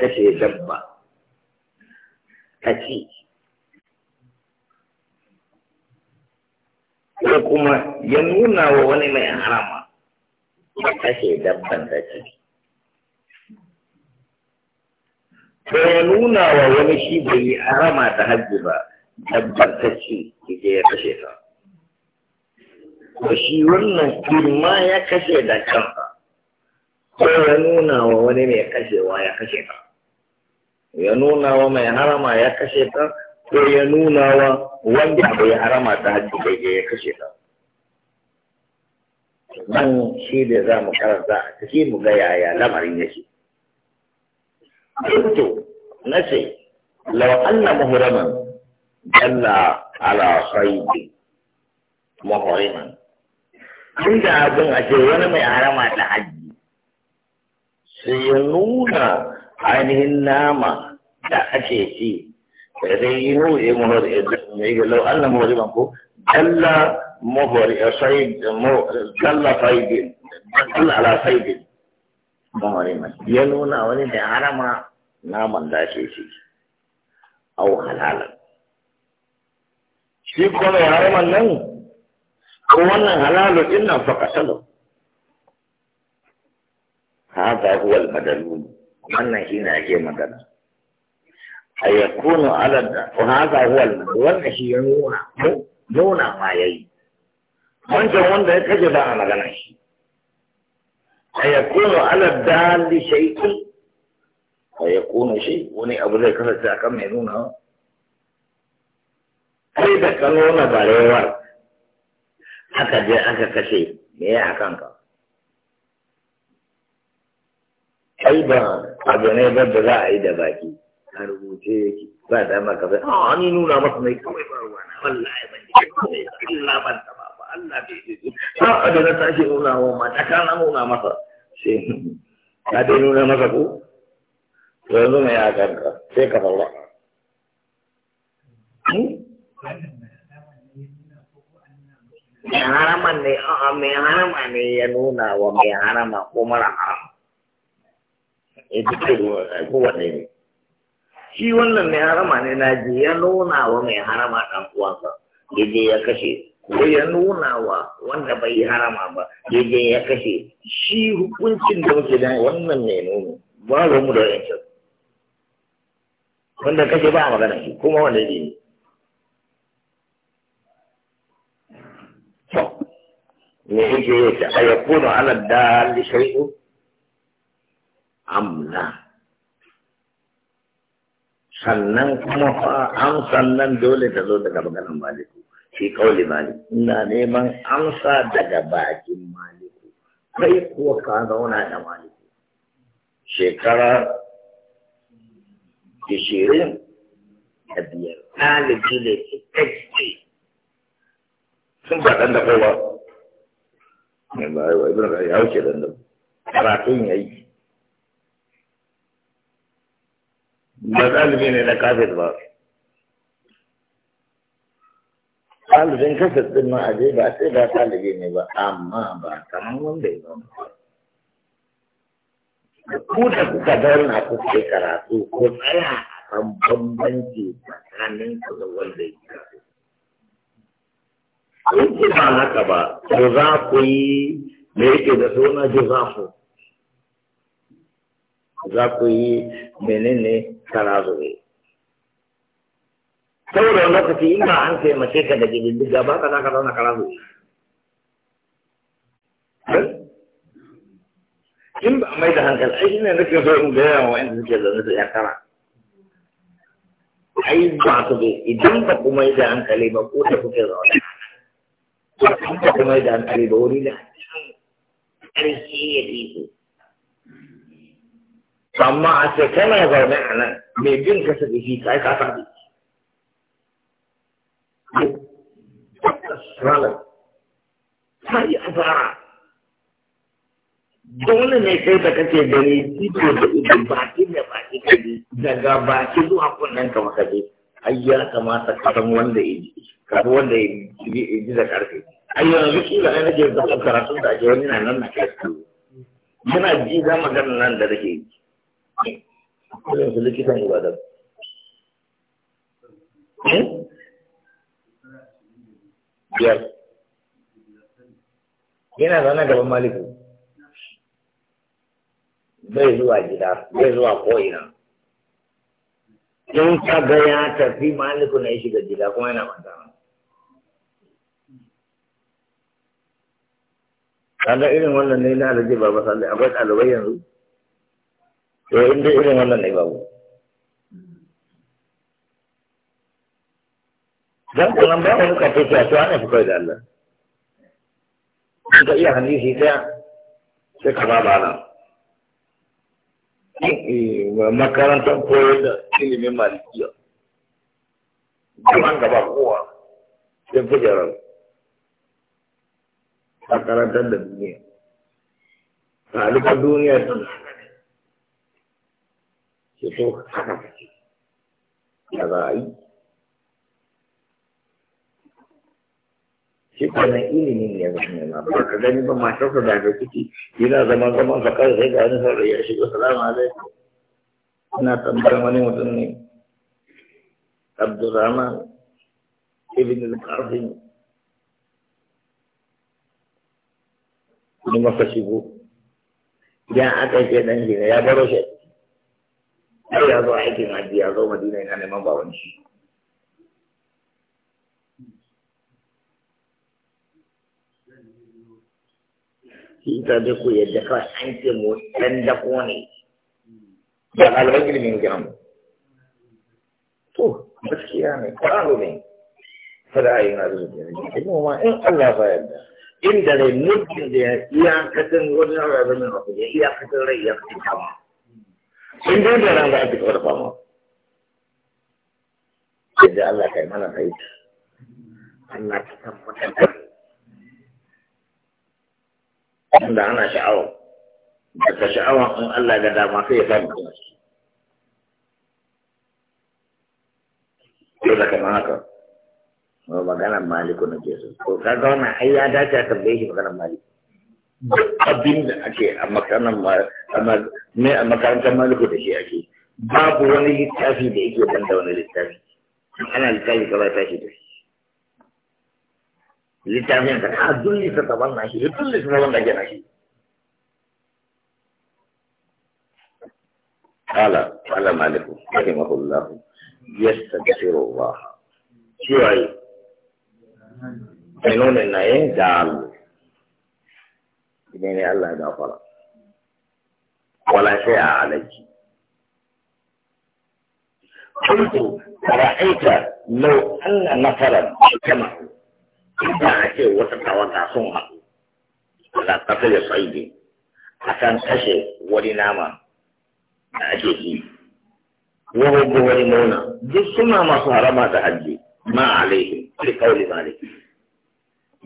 kashe dabba kaci ko kuma ya nuna wa wani mai harama ya kashe dabban da ci ko ya nuna wa wani shi bai yi harama da hajji ba dabban da ci ke ya kashe ta ko shi wannan kirma ya kashe da kansa ko ya nuna wa wani mai kashewa ya kashe ta ya nuna wa mai harama ya kashe ta ko ya nuna wa wanda abu ya harama ta hajji ga ya kashe ta nan shi da za mu karanta a ciki mu ga yaya lamarin yake to na ce law anna muhraman dalla ala sayyid muhriman inda abin a ce wani mai harama ta hajji sai ya nuna ainihin nama da ake ci rinu e muhari mai ga lau Allah muhari ban ko dalla muhari sai dalla saidin dalla ala saidin muhari mai ya nuna wani da harama naman da ake ci au halalan shi kuma haraman nan ko wannan halalu din nan fa kasalu هذا هو المدلول wannan shi ne ake magana a ya kuna alada ko haka huwal wannan shi ya nuna nuna ma ya yi wancan wanda ya kaje ba a magana shi a ya kuna alada li shaiki a ya kuna shi wani abu zai kasance a kan mai nuna kai da ka nuna barewar aka je aka kashe me ya a kanka kai ba abu ne ba za a yi da baki a rubuce yake ba da ma ka bai a ni nuna masa mai kawai ba ruwa na wallahi ban ji kawai Allah ban ta ba ba Allah bai ji a da na tashi nuna wa ma ta kana nuna masa sai ka dai nuna masa ko to yanzu mai ya kanka sai ka faura mai hmm? harama ne a mai harama ne ya nuna wa mai harama ko mara ya eh, duka kowane ne shi wannan mai harama ne na ji ya nuna wa mai harama ɗan uwansa ya ya kashe ko ya nuna wa wanda bai yi harama ba ya ya kashe shi hukuncin da muke da wannan mai nuni ba mu da yancin wanda kashe ba a magana shi kuma wanda ne me yake yake a ala dalil shay'un amna sannan kuma fa amsan nan dole ta zo daga maganin maliku shi kauli maliku ina neman amsa daga bakin maliku kai kuwa ka zauna da maliku shekara ishirin da biyar ɗalibi ne cikakke sun ba ɗan da kowa ne ba ya wuce ɗan da karatun ya yi ba ɗalibi ne na kafir ba ɗalibin kafir ɗin ma a je ba sai ba ɗalibi ne ba amma ba kamar wanda ya zama ku da kuka zauna kuka yi karatu ko tsaya a kan bambanci tsakanin ku da wanda ya karatu in ba haka ba to za ku yi me yake da suna ku. za ku yi menene tarazuri saboda lokaci in ba an taimake ka da gididdiga ba ka za ka zauna tarazuri in ba mai da hankali ai shine nake so in ga yawa wanda suke zaune su yakara ai ba su bai idan ba ku mai da hankali ba ko da kuke zaune ba ku mai da hankali ba wuri da ƙarfi ya fi amma a ce kana ana, a nan mai kata tadi. da salah. kai ka ta yi dole ne kai da kake gani ido da ido baki ne baki kai ji daga baki zuwa kunnen ka maka je ai ya kamata ka san wanda ya ji ka wanda ya ji da karfe ayya yanzu kila ne nake da karatu da ake wani na nan na kai yana ji za magana nan da take yi irin su likitan eh? yana zaune gaban maliku bai zuwa gida bai zuwa ko'ina in ka ga ya tafi maliku na ya shiga gida kuma yana magana kaga irin wannan ne na alaji ba ba sallai akwai ɗalibai yanzu eh inda irin wannan ne babu dan kullum ba wani kafin ta to ana fukai da Allah da iya hadisi daya sai ka ba nan eh, eh, makarantar koyar da ilimin malikiya gaban gaba kowa sai fujarar makarantar da duniya ɗaliban duniya tana ke so haka kake da za a yi shi ya zama ma ba ka gani ba matar ka da ka kuki yana zama zaman ka kawai sai ga wani saurayi ya shiga salamu alaikum ina tambayar wani mutum ne Abdurrahman ibn al-Qasim ni maka shigo ya aka ke dan shi ya baro shi har ya zo aikin haji ya zo madina yana neman baban shi shi ta da ku yadda kawai an ce mu ɗan dako ne da ɗaliban ilimin jamu to gaskiya ne ƙwararru ne fada a yi na zuwa jirgin kuma in Allah ba yadda inda ne mutum da ya iyakacin wani rarrabe mai rafi ya iyakacin rai ya fi kama sun dai da ran za a ci fama yanzu Allah kai mana rai Allah ka tabbatar wanda ana sha'awa daga sha'awa in Allah da dama sai ya samu kuma shi da kamar haka ba maganar maliku na ke so ko kaga dace a duk abin da ake a makarantar maliku da shi ake babu wani littafi da yake ban da wani littafi ana littafi kaba ta shi da shi littafin ka ta dulli ta taban na shi dulli ta taban da ke na shi ala قال مالك رحمه الله يستغفر الله شو أي؟ فنون النعيم جعل idan ya Allah ya gafara wala sai a alaiki kuntu ra'aita law anna nafaran kama kuma ake wata tawaga sun haɗu ala qatl saidi akan kashe wani nama da ake yi. wani wani nuna duk suna masu harama da hajji ma alaihi li qawli malik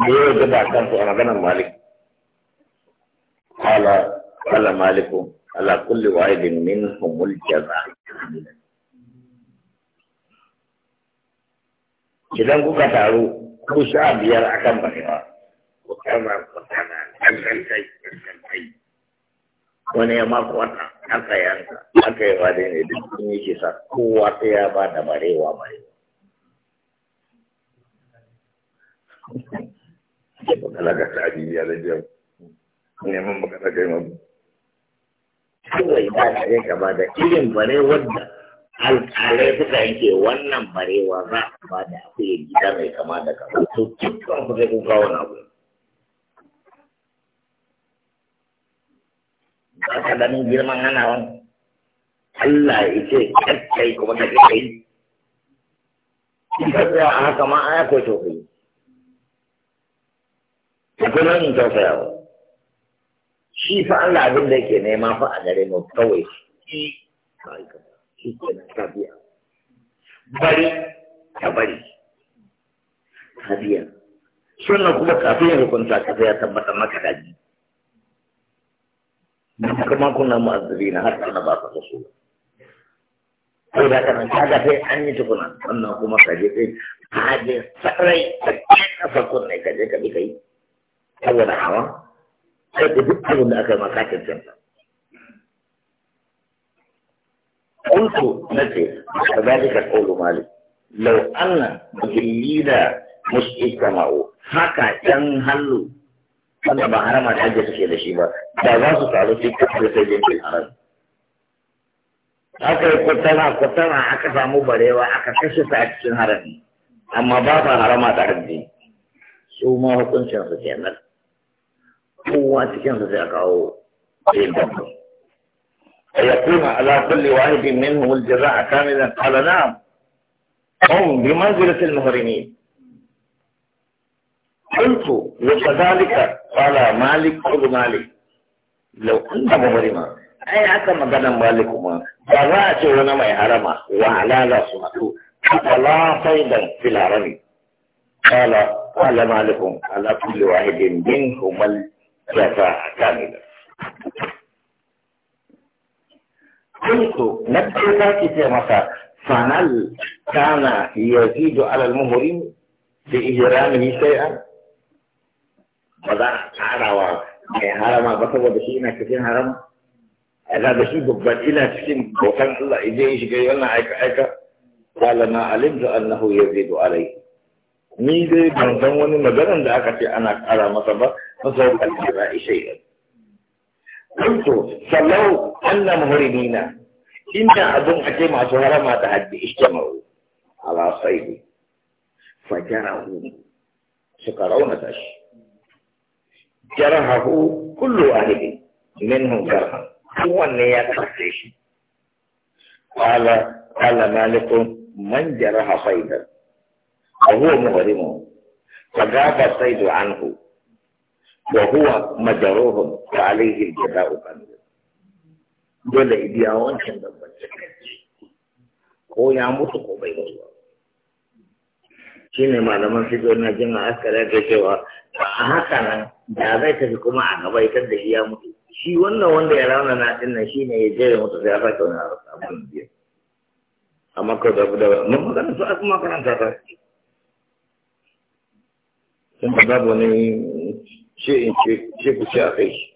ne ya ga da kan su a maganar malik قال قال مالك على كل واحد منهم الجزاء idan kuka taru ku sha biyar akan barewa ku kama ku tana kankantai kankantai wani ya maka wata aka yanka aka yi wadai ne duk sun yi kisa kowa ta ya ba da barewa barewa kala ga tabi ya da neman magana da yawan kawai ba ta yi gaba da irin barewar da alƙalai suka yanke wannan barewa za a ba da akuya gida mai kama da kama to dukkan ku sai kun wani abu ba ka ganin girman hanawan Allah ya ce kai kuma ka kai in ka tsaya a haka ma a ya kwaito kai akwai nau'in tausayawa shi fa Allah abin da yake nema fa a gare mu kawai shi shi ke nan tafiya bari ta bari tafiya suna kuma kafin ya hukunta ka ya tabbatar maka daji kuma kuna mu'azzabi na har kana ba ka rasu ko da kana kaga sai an yi tukuna wannan kuma ka je sai ka je sarai ka je ka fakon ka je ka bi kai saboda hawa sai ku duk da aka maka cancanta قلت ba كذلك قول مالك لو أن مجليدا 'yan اجتمعوا هكا ينهلوا أنا ba حرم الحج في كده ba kwatana kwatana aka samu barewa aka kashe ta a cikin harami amma ba ta harama ta hajji. su ma hukuncin su kenan kowa فيكون على كل واحد منهم الجزاء كاملا قال نعم هم بمنزلة المهرمين قلت وكذلك قال مالك قل مالك لو كنت مهرما أي حتى مدنا مالكما فذات ونما يهرما وعلى لا صمته حتى لا صيدا في العربي قال قال مالك على كل واحد منهم كفاءة كاملة قلت نبدأ ذلك في مصر فهل كان يزيد على المهرم بإجرامه شيئا؟ وذا عراوة يعني هرما بطوة بشيء كثير هرما هذا بشيء ببال إلى كثير وكان الله إليه شكري وانا عيك عيك قال ما علمت أنه يزيد عليه ni dai ban دا أكتي أنا da aka فوق السماء شيئا قلت فلو أن مهرمين إن أظن حكيم أسهر ما تهدي اجتمعوا على صيد فجره سكرون تش جرهه كل اهله منهم جرها هو النية تحسيش قال قال مالك من جرح صيدا وهو مهرم فغاب الصيد عنه Wa وهو مجروه وعليه الجزاء كامل dole ibiya wancan dabbar ko ya mutu ko bai mutu ba shi ne malaman fito na jin a askara ta cewa a haka nan da zai tafi kuma a gaba ita da shi ya mutu shi wannan wanda ya rauna na din nan ne ya je ya mutu sai ya sake wani abin biyar. amma ko da da mun magana su a kuma karanta ta sun babu wani shi in ce a kai